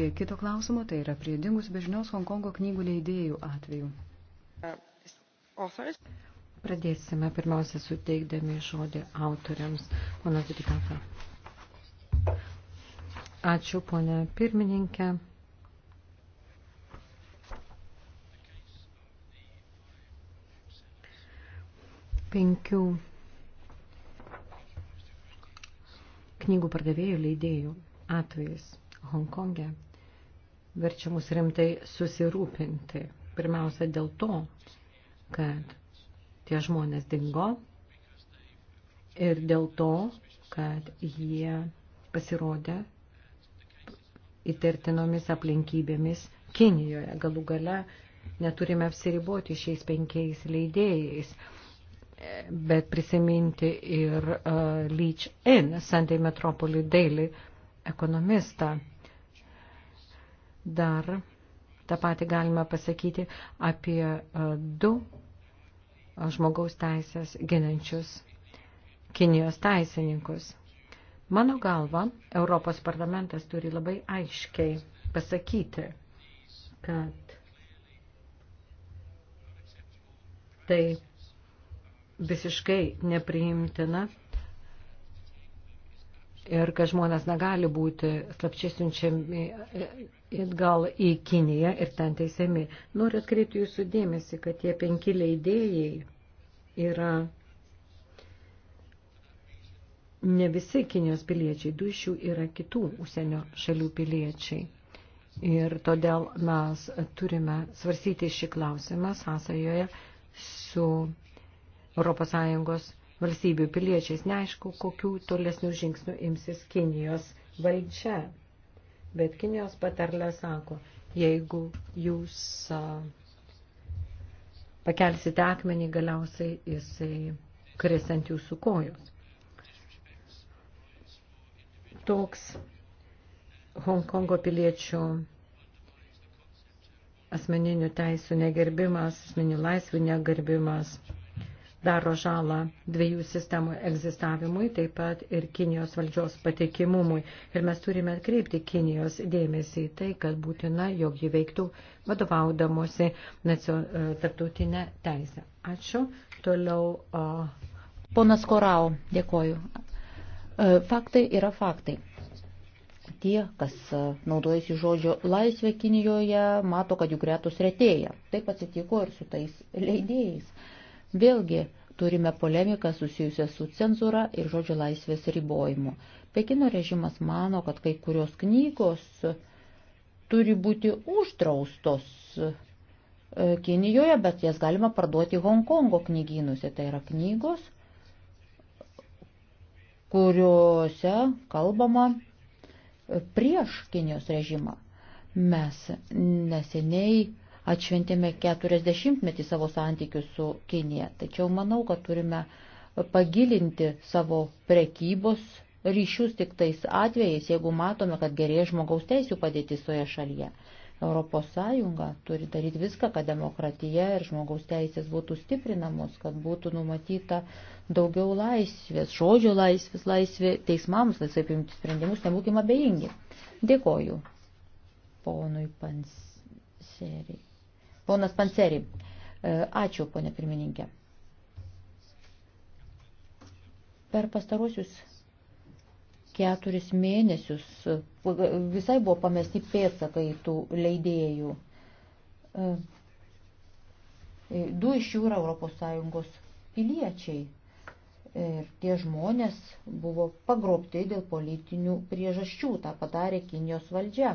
prie kito klausimo, tai yra prie dingus bežinios Hongkongo knygų leidėjų atveju. Pradėsime pirmiausia suteikdami žodį autoriams. Pana Zitikafa. Ačiū, ponė pirmininkė. Penkių knygų pardavėjų leidėjų atvejais Hongkonge verčia mus rimtai susirūpinti. Pirmiausia dėl to, kad tie žmonės dingo ir dėl to, kad jie pasirodė įtertinomis aplinkybėmis Kinijoje. Galų gale neturime apsiriboti šiais penkiais leidėjais, bet prisiminti ir uh, Leach N, Sunday Metropoly Daily ekonomistą dar tą patį galime pasakyti apie e, du e, žmogaus teisės ginančius Kinijos teisininkus. Mano galva, Europos parlamentas turi labai aiškiai pasakyti, kad tai visiškai nepriimtina ir kad žmonės negali būti slapčiai siunčiami e, e, atgal į Kiniją ir ten teisiami. Noriu atkreipti jūsų dėmesį, kad tie penki leidėjai yra ne visi Kinijos piliečiai, du iš jų yra kitų užsienio šalių piliečiai. Ir todėl mes turime svarstyti šį klausimą sąsajoje su ES valstybių piliečiais. Neaišku, kokių tolesnių žingsnių imsis Kinijos valdžia. Bet Kinijos patarlė sako, jeigu jūs pakelsite akmenį, galiausiai jisai kris ant jūsų kojos. Toks Hongkongo piliečių asmeninių teisų negerbimas, asmeninių laisvių negerbimas daro žalą dviejų sistemų egzistavimui, taip pat ir Kinijos valdžios patikimumui. Ir mes turime atkreipti Kinijos dėmesį į tai, kad būtina, jog jį veiktų vadovaudamosi e, tarptautinę teisę. Ačiū. Toliau. O... Ponas Korau, dėkoju. E, faktai yra faktai tie, kas e, naudojasi žodžio laisvė Kinijoje, mato, kad jų gretus retėja. Taip atsitiko ir su tais leidėjais. Vėlgi turime polemiką susijusią su cenzūra ir žodžio laisvės ribojimu. Pekino režimas mano, kad kai kurios knygos turi būti uždraustos e, Kinijoje, bet jas galima parduoti Hongkongo knygynuose. Tai yra knygos, kuriuose kalbama e, prieš Kinijos režimą. Mes neseniai atšventėme 40-metį savo santykius su Kinija. Tačiau manau, kad turime pagilinti savo prekybos ryšius tik tais atvejais, jeigu matome, kad gerėja žmogaus teisų padėtis toje šalyje. Europos Sąjunga turi daryti viską, kad demokratija ir žmogaus teisės būtų stiprinamos, kad būtų numatyta daugiau laisvės, žodžio laisvės, laisvė teismams, laisvai priimti sprendimus, nebūkime abejingi. Dėkoju ponui Panseriai. Ponas Panseri. E, ačiū, ponė pirmininkė. Per pastarosius keturis mėnesius visai buvo pamesti pėtsakai tų leidėjų. E, du iš jų yra ES piliečiai. Ir tie žmonės buvo pagrobti dėl politinių priežasčių. Ta padarė Kinijos valdžia.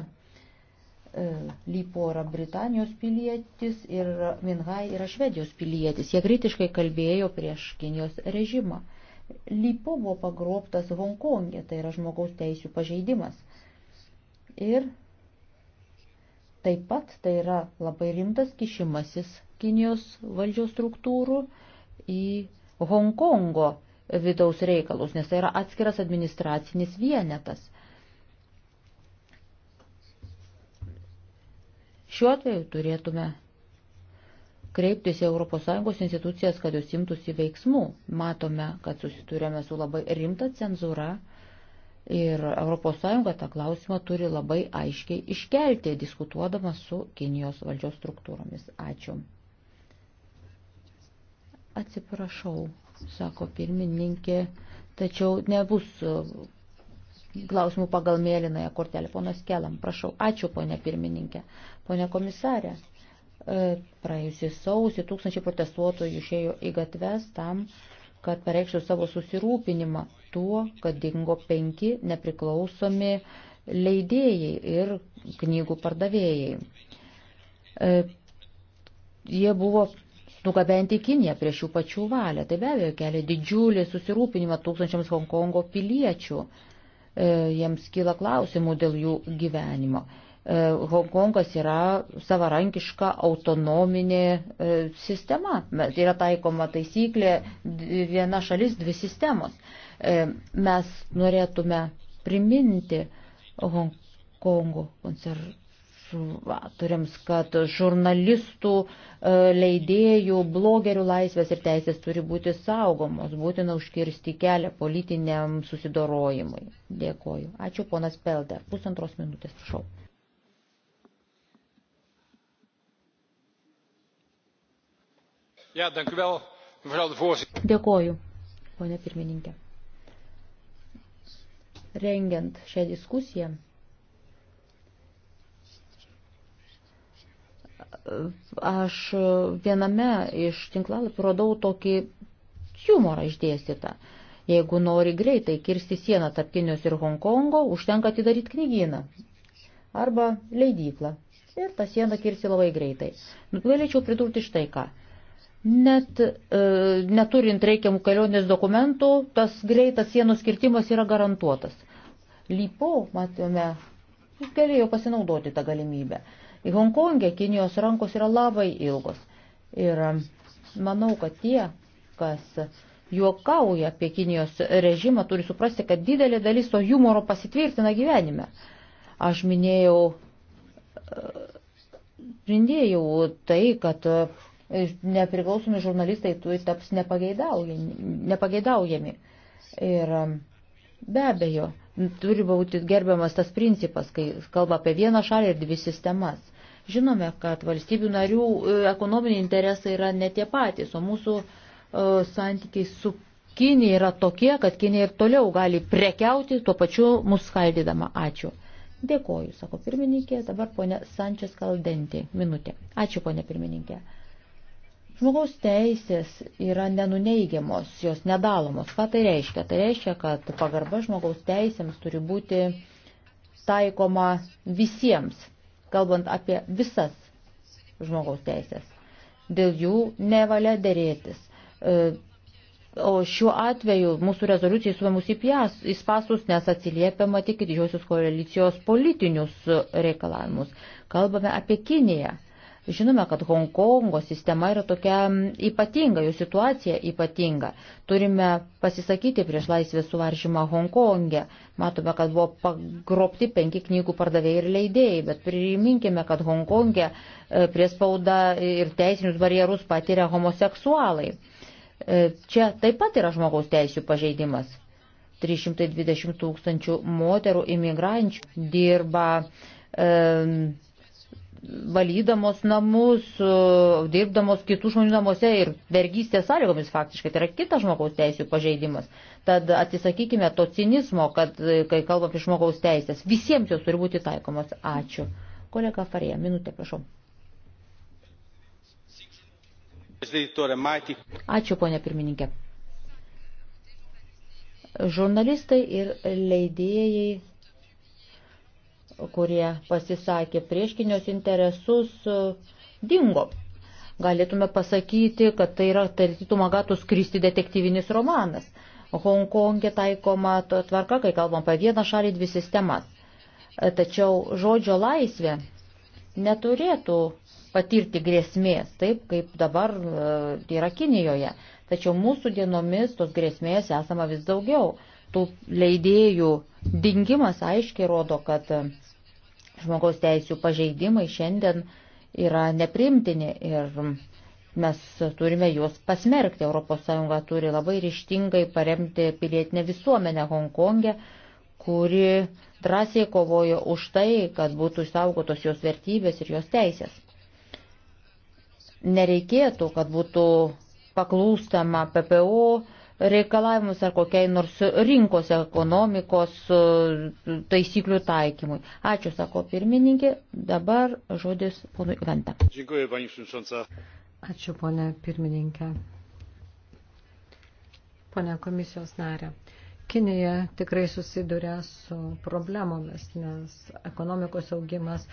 E, Lypo yra Britanijos pilietis ir Minhai yra Švedijos pilietis. Jie kritiškai kalbėjo prieš Kinijos režimą. Lypo buvo pagrobtas Hongkongė, tai yra žmogaus teisų pažeidimas. Ir taip pat tai yra labai rimtas kišimasis Kinijos valdžios struktūrų į Hongkongo vidaus reikalus, nes tai yra atskiras administracinis vienetas. Šiuo atveju turėtume kreiptis į ES institucijas, kad jos imtųsi veiksmų. Matome, kad susiturėme su labai rimta cenzūra ir ES tą klausimą turi labai aiškiai iškelti, diskutuodama su Kinijos valdžios struktūromis. Ačiū. Atsiprašau, sako pirmininkė, tačiau nebus klausimų pagal mėlynąją kortelę. Ponas Kelam, prašau. Ačiū, ponė pirmininkė. Pone komisarė, e, praėjusį sausį tūkstančiai protestuotojų išėjo į gatves tam, kad pareikštų savo susirūpinimą tuo, kad dingo penki nepriklausomi leidėjai ir knygų pardavėjai. E, jie buvo nugabenti į Kiniją prieš jų pačių valią. Tai be abejo kelia didžiulį susirūpinimą tūkstančiams Hongkongo piliečių. E, E, jiems kyla klausimų dėl jų gyvenimo. E, Hongkongas yra savarankiška autonominė e, sistema. Yra taikoma taisyklė viena šalis, dvi sistemos. Mes norėtume priminti Hongkongo koncertų konservatoriams, kad žurnalistų, e, leidėjų, blogerių laisvės ir teisės turi būti saugomos, būtina užkirsti kelią politiniam susidorojimui. Dėkoju. Ačiū, ponas Pelder. Pusantros minutės, prašau. Ja, dank u wel, mevrouw de voorzitter. Dėkoju, ponė pirmininkė. Rengiant šią diskusiją, Aš viename iš tinklalapių radau tokį humorą išdėstytą. Jeigu nori greitai kirsti sieną tarp Kinijos ir Hongkongo, užtenka atidaryti knygyną arba leidyklą. Ir tą sieną kirsti labai greitai. Nu, galėčiau pridurti štai ką. Net e, neturint reikiamų kelionės dokumentų, tas greitas sienos kirtimas yra garantuotas. Lypo, matome, galėjo pasinaudoti tą galimybę. Į Hongkongę Kinijos rankos yra labai ilgos. Ir um, manau, kad tie, kas juokauja apie Kinijos režimą, turi suprasti, kad didelė dalis to humoro pasitvirtina gyvenime. Aš minėjau, e, minėjau tai, kad e, nepriklausomi žurnalistai turi taps nepageidaujami. Ir um, be abejo, turi būti gerbiamas tas principas, kai kalba apie vieną šalį ir dvi sistemas. Žinome, kad valstybių narių e, ekonominiai interesai yra ne tie patys, o mūsų e, santykiai su Kinija yra tokie, kad Kinija ir toliau gali prekiauti tuo pačiu mus skaldydama. Ačiū. Dėkoju, sako pirmininkė, dabar ponė Sančias Kaldentė. Minutė. Ačiū, ponė pirmininkė. Žmogaus teisės yra nenuneigiamos, jos nedalomos. Ką tai reiškia? Tai reiškia, kad pagarba žmogaus teisėms turi būti taikoma visiems kalbant apie visas žmogaus teisės. Dėl jų nevalia dėrėtis. E, o šiuo atveju mūsų rezoliucijai suomus į pasus, nes atsiliepiama tik didžiosios koalicijos politinius reikalavimus. Kalbame apie Kiniją. Žinome, kad Hongkongo sistema yra tokia ypatinga, jų situacija ypatinga. Turime pasisakyti prieš laisvės suvaržymą Hongkonge. Matome, kad buvo pagrobti penki knygų pardavėjai ir leidėjai, bet priminkime, kad Hongkonge e, prie spaudą ir teisinius barjerus patiria homoseksualai. E, čia taip pat yra žmogaus teisų pažeidimas. 320 tūkstančių moterų imigrančių dirba. Um, valydamos namus, dirbdamos kitų žmonių namuose ir vergystės sąlygomis faktiškai. Tai yra kitas žmogaus teisų pažeidimas. Tad atsisakykime to cinizmo, kad kai kalbam apie žmogaus teisės, visiems jos turi būti taikomos. Ačiū. Kolega Farija, minutė, prašau. Ačiū, ponė pirmininkė. Žurnalistai ir leidėjai kurie pasisakė prieš Kinijos interesus, dingo. Galėtume pasakyti, kad tai yra tarytum agatus kristi detektyvinis romanas. Hongkongė e taikoma tvarka, kai kalbam apie vieną šalį, dvi sistemas. Tačiau žodžio laisvė neturėtų patirti grėsmės, taip kaip dabar e, yra Kinijoje. Tačiau mūsų dienomis tos grėsmės esama vis daugiau. Tų leidėjų dingimas aiškiai rodo, kad žmogaus teisų pažeidimai šiandien yra neprimtini ir mes turime juos pasmerkti. ES turi labai ryštingai paremti pilietinę visuomenę Hongkongė, e, kuri drąsiai kovojo už tai, kad būtų išsaugotos jos vertybės ir jos teisės. Nereikėtų, kad būtų paklūstama PPO reikalavimus ar kokiai nors rinkos ekonomikos e, taisyklių taikymui. Ačiū, sako pirmininkė. Dabar žodis ponui Venta. Ačiū, ponė pirmininkė. Pone komisijos narė. Kinija tikrai susiduria su problemomis, nes ekonomikos augimas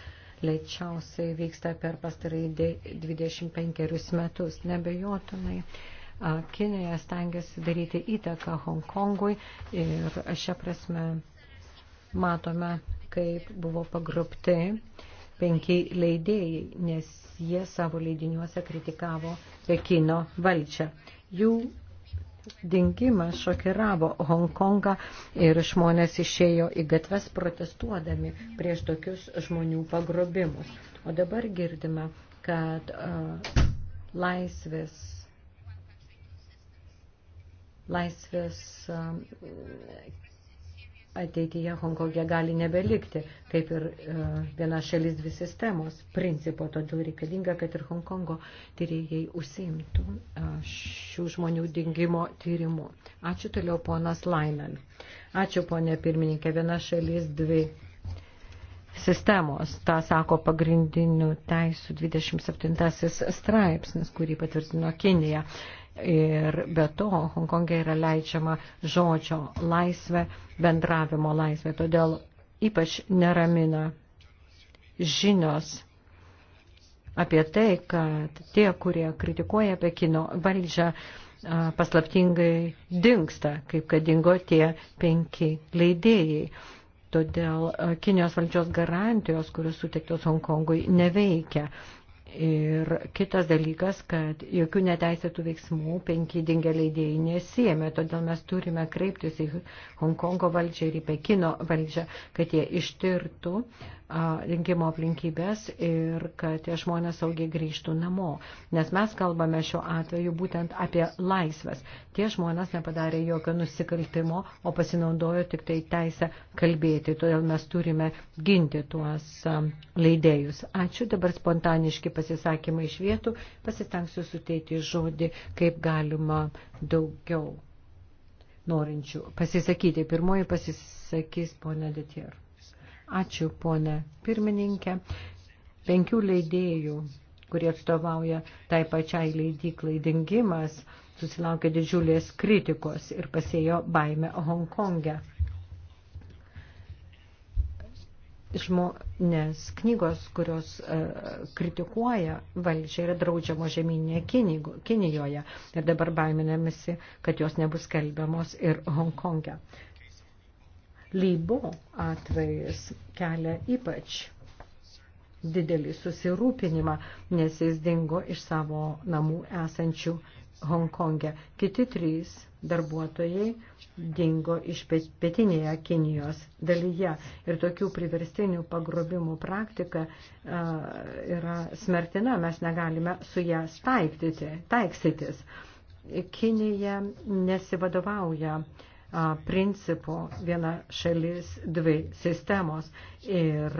lėčiausiai vyksta per pastarai 25 metus. Nebejotinai Kinija stengiasi daryti įtaką Hongkongui ir šią prasme matome, kaip buvo pagrupti penki leidėjai, nes jie savo leidiniuose kritikavo Pekino valdžią. Jų dingimas šokiravo Hongkongą ir žmonės išėjo į gatves protestuodami prieš tokius žmonių pagrobimus. O dabar girdime, kad uh, laisvės laisvės um, ateityje Hongkongė gali nebelikti, kaip ir uh, viena šalis dvi sistemos principo, todėl reikalinga, kad ir Hongkongo tyrėjai užsiimtų uh, šių žmonių dingimo tyrimu. Ačiū toliau ponas Lainan. Ačiū ponė pirmininkė, viena šalis dvi sistemos. Ta sako pagrindinių teisų 27 straipsnis, kurį patvirtino Kinija. Ir be to, Hongkongė yra leidžiama žodžio laisvė, bendravimo laisvė. Todėl ypač neramina žinios apie tai, kad tie, kurie kritikuoja Pekino valdžią, paslaptingai dinksta, kaip kad dingo tie penki leidėjai. Todėl Kinijos valdžios garantijos, kurios suteiktos Hongkongui, neveikia. Ir kitas dalykas, kad jokių neteisėtų veiksmų penki dingę leidėjai nesijėmė, todėl mes turime kreiptis į Hongkongo valdžią ir į Pekino valdžią, kad jie ištirtų rinkimo aplinkybės ir kad tie žmonės saugiai grįžtų namo. Nes mes kalbame šiuo atveju būtent apie laisvės. Tie žmonės nepadarė jokio nusikaltimo, o pasinaudojo tik tai teisę kalbėti. Todėl mes turime ginti tuos leidėjus. Ačiū. Dabar spontaniški pasisakymai iš vietų. Pasistengsiu suteikti žodį, kaip galima daugiau norinčių pasisakyti. Pirmoji pasisakys ponia Detier. Ačiū, ponė pirmininkė. Penkių leidėjų, kurie atstovauja tai pačiai leidyklai dingimas, susilaukė didžiulės kritikos ir pasėjo baimę Hongkonge. Žmonės knygos, kurios uh, kritikuoja valdžią, yra draudžiamo žemynėje Kinijoje ir dabar baiminamasi, kad jos nebus skelbiamos ir Hongkonge. Uh, Lybo atvejis kelia ypač didelį susirūpinimą, nes jis dingo iš savo namų esančių Hongkonge. Kiti trys darbuotojai dingo iš pietinėje Kinijos dalyje. Ir tokių priverstinių pagrobimų praktika uh, yra smertina, mes negalime su ją taikstytis. Taiksytis. Kinija nesivadovauja uh, principo viena šalis, dvi sistemos. Ir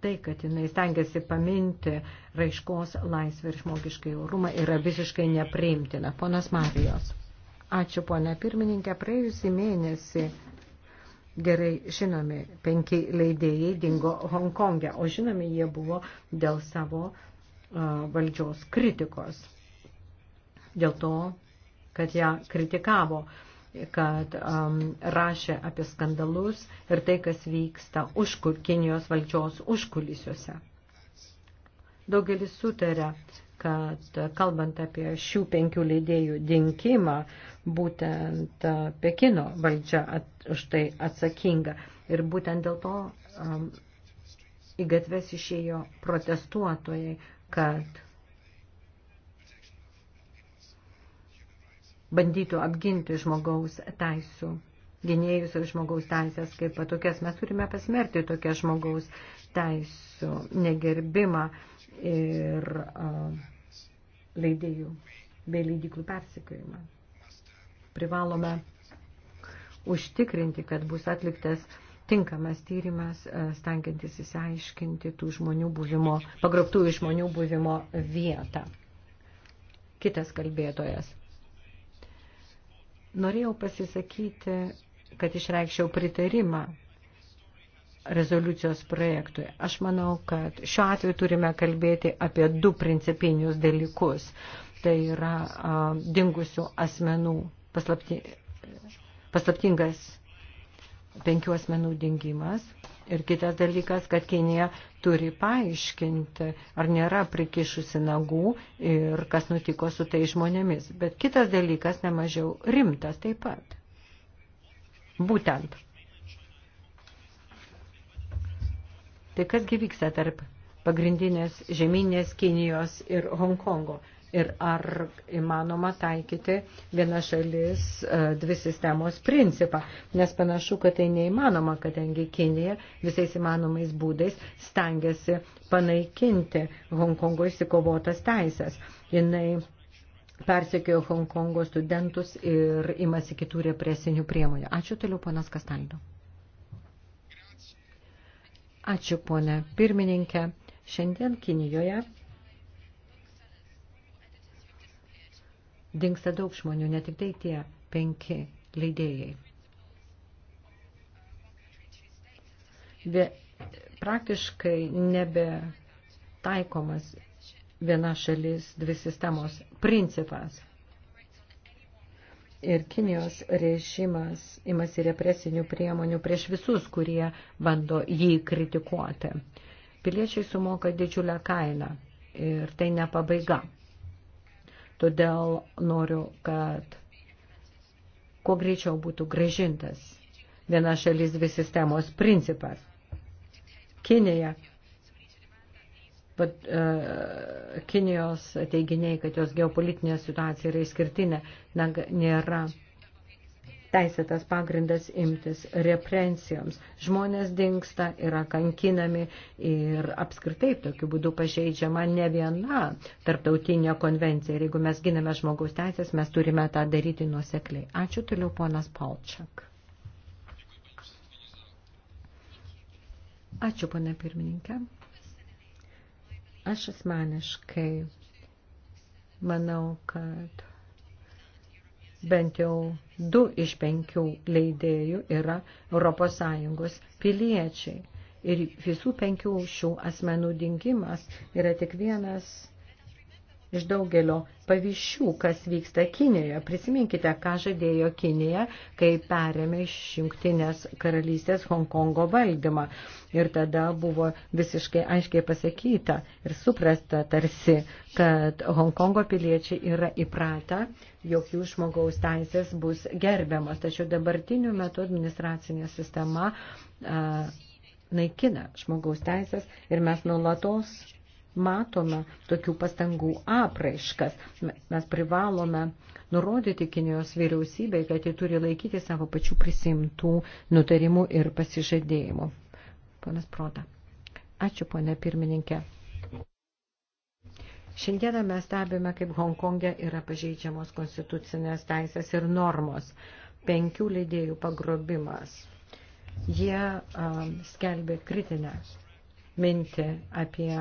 tai, kad jinai stengiasi paminti raiškos laisvę ir žmogiškai orumą, yra visiškai nepriimtina. Ponas Marijos. Ačiū, ponė pirmininkė. Praėjusį mėnesį gerai žinomi penki leidėjai dingo Hongkonge, o žinomi jie buvo dėl savo uh, valdžios kritikos. Dėl to, kad ją kritikavo. Uh, kad um, rašė apie skandalus ir tai, kas vyksta už Kinijos valdžios užkulisiuose. Daugelis sutarė, kad kalbant apie šių penkių leidėjų dinkimą, būtent Pekino valdžia už tai atsakinga. Ir būtent dėl to um, į gatves išėjo protestuotojai, kad bandytų apginti žmogaus teisų gynėjus ir žmogaus teisės kaip tokias. Mes turime pasmerti tokią žmogaus teisų negerbimą ir uh, leidėjų bei leidiklų persikėjimą. Privalome užtikrinti, kad bus atliktas tinkamas tyrimas, stengiantis įsiaiškinti tų žmonių buvimo, pagrobtųjų žmonių buvimo vietą. Kitas kalbėtojas. Norėjau pasisakyti, kad išreikščiau pritarimą rezoliucijos projektui. Aš manau, kad šiuo atveju turime kalbėti apie du principinius dalykus. Tai yra a, dingusių asmenų paslapti, paslaptingas penkių asmenų dingimas. Ir kitas dalykas, kad Kinija turi paaiškinti, ar nėra prikišusi nagų ir kas nutiko su tai žmonėmis. Bet kitas dalykas nemažiau rimtas taip pat. Būtent. Tai kasgi vyksta tarp pagrindinės žemynės Kinijos ir Hongkongo? ir ar įmanoma taikyti viena šalis e, dvi sistemos principą, nes panašu, kad tai neįmanoma, kadangi Kinija visais įmanomais būdais stengiasi panaikinti Hongkongo įsikovotas teisės. Jinai persekiojo Hongkongo studentus ir imasi kitų represinių priemonių. Ačiū toliau, ponas Kastaldo. Ačiū, ponė pirmininkė. Šiandien Kinijoje dinksta daug žmonių, ne tik tai tie penki leidėjai. Be, praktiškai nebe taikomas viena šalis, dvi sistemos principas. Ir Kinijos režimas imasi represinių priemonių prieš visus, kurie bando jį kritikuoti. Piliečiai sumoka didžiulę kainą ir tai ne pabaiga. Todėl noriu, kad kuo greičiau būtų gražintas viena šalis dvi sistemos principas. Kinėje bet uh, Kinijos teiginiai, kad jos geopolitinė situacija yra išskirtinė, nėra teisėtas pagrindas imtis represijoms. Žmonės dinksta, yra kankinami ir apskritai tokiu būdu pažeidžiama ne viena tarptautinė konvencija. Ir jeigu mes giname žmogaus teisės, mes turime tą daryti nuosekliai. Ačiū toliau ponas Palčak. Ačiū, pana pirmininkė. Aš asmeniškai manau, kad bent jau du iš penkių leidėjų yra ES piliečiai. Ir visų penkių šių asmenų dingimas yra tik vienas iš daugelio pavyzdžių, kas vyksta Kinijoje. Prisiminkite, ką žadėjo Kinija, kai perėmė iš jungtinės karalystės Hongkongo valdymą. Ir tada buvo visiškai aiškiai pasakyta ir suprasta tarsi, kad Hongkongo piliečiai yra įpratę, jog jų žmogaus teisės bus gerbiamas. Tačiau dabartiniu metu administracinė sistema a, naikina žmogaus teisės ir mes nuolatos matome tokių pastangų apraiškas. Mes privalome nurodyti Kinijos vyriausybei, kad jie turi laikyti savo pačių prisimtų nutarimų ir pasižadėjimų. Ponas Proda. Ačiū, ponė pirmininkė. Šiandieną mes stebime, kaip Hongkonge yra pažeidžiamos konstitucinės teisės ir normos. Penkių leidėjų pagrobimas. Jie um, skelbė kritinę mintį apie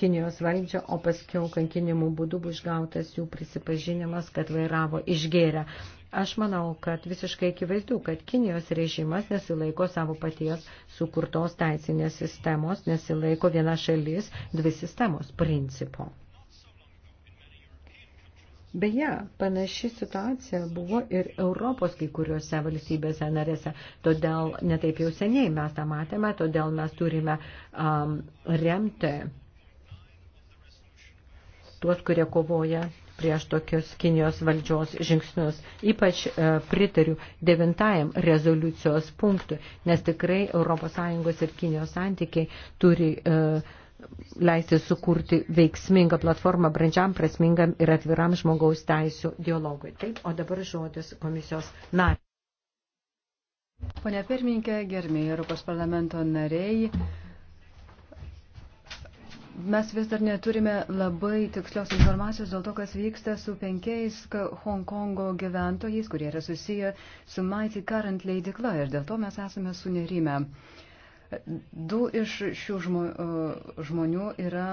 Kinijos valdžią, o paskiau kankinimų būdu buvo išgautas jų prisipažinimas, kad vairavo išgėrę. Aš manau, kad visiškai akivaizdu, kad Kinijos režimas nesilaiko savo paties sukurtos teisinės sistemos, nesilaiko viena šalis, dvi sistemos principo. Beje, panaši situacija buvo ir Europos kai kuriuose valstybėse narėse, todėl netaip jau seniai mes tą matėme, todėl mes turime um, remti tuos, kurie kovoja prieš tokius Kinijos valdžios žingsnius. Ypač e, pritariu devintajam rezoliucijos punktui, nes tikrai ES ir Kinijos santykiai turi e, leisti sukurti veiksmingą platformą brandžiam, prasmingam ir atviram žmogaus teisų dialogui. Taip, o dabar žodis komisijos nariai. Pone pirmininkė, gerbėjai Europos parlamento nariai mes vis dar neturime labai tikslios informacijos dėl to, kas vyksta su penkiais Hongkongo gyventojais, kurie yra susiję su Mighty Current leidikla ir dėl to mes esame sunerime. Du iš šių žmo, uh, žmonių yra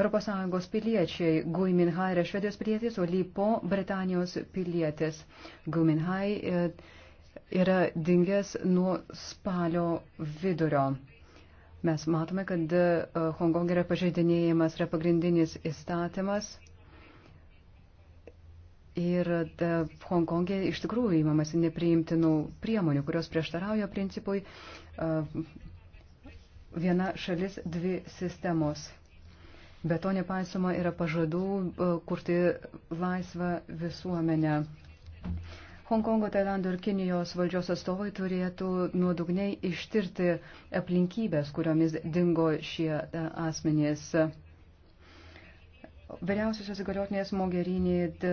ES piliečiai Gui Minhai yra Švedijos pilietis, o Lypo Britanijos pilietis. Gui Minhai uh, yra dingęs nuo spalio vidurio. Mes matome, kad e, Hongkong yra pažeidinėjimas, yra pagrindinis įstatymas. Ir Hongkongė e iš tikrųjų įmamasi nepriimtinų priemonių, kurios prieštarauja principui e, viena šalis, dvi sistemos. Be to nepaisoma yra pažadų e, kurti laisvą visuomenę. Hongkongo, Tailando ir Kinijos valdžios atstovai turėtų nuodugniai ištirti aplinkybės, kuriomis dingo šie e, asmenys. Vyriausiosios įgaliotinės Mogerinė e,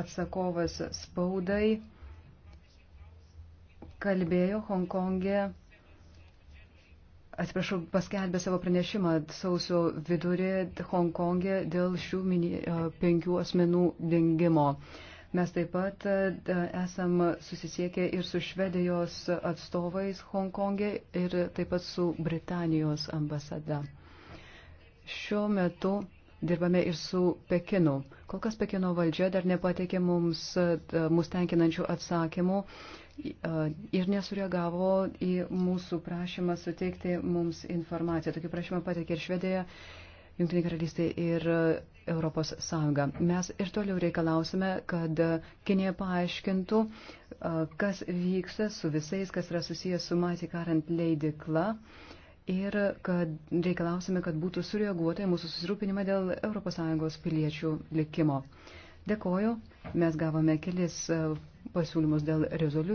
atsakovas spaudai kalbėjo Hongkonge, atsiprašau, paskelbė savo pranešimą sausio vidurį Hongkonge dėl šių mini, e, penkių asmenų dingimo. Uh, Mes taip pat e, esam susisiekę ir su Švedijos atstovais Hongkongė e ir taip pat su Britanijos ambasada. Šiuo metu dirbame ir su Pekinu. Kol kas Pekino valdžia dar nepateikė mums e, mus tenkinančių atsakymų e, ir nesureagavo į mūsų prašymą suteikti mums informaciją. Tokį prašymą pateikė ir Švedija, Junktinė karalystė ir Europos Sąjungą. Mes ir toliau reikalausime, kad Kinija paaiškintų, kas vyksta su visais, kas yra susijęs su Mighty Current leidikla ir kad reikalausime, kad būtų sureaguota į mūsų susirūpinimą dėl ES piliečių likimo. Dėkoju, mes gavome kelis pasiūlymus dėl rezoliucijų.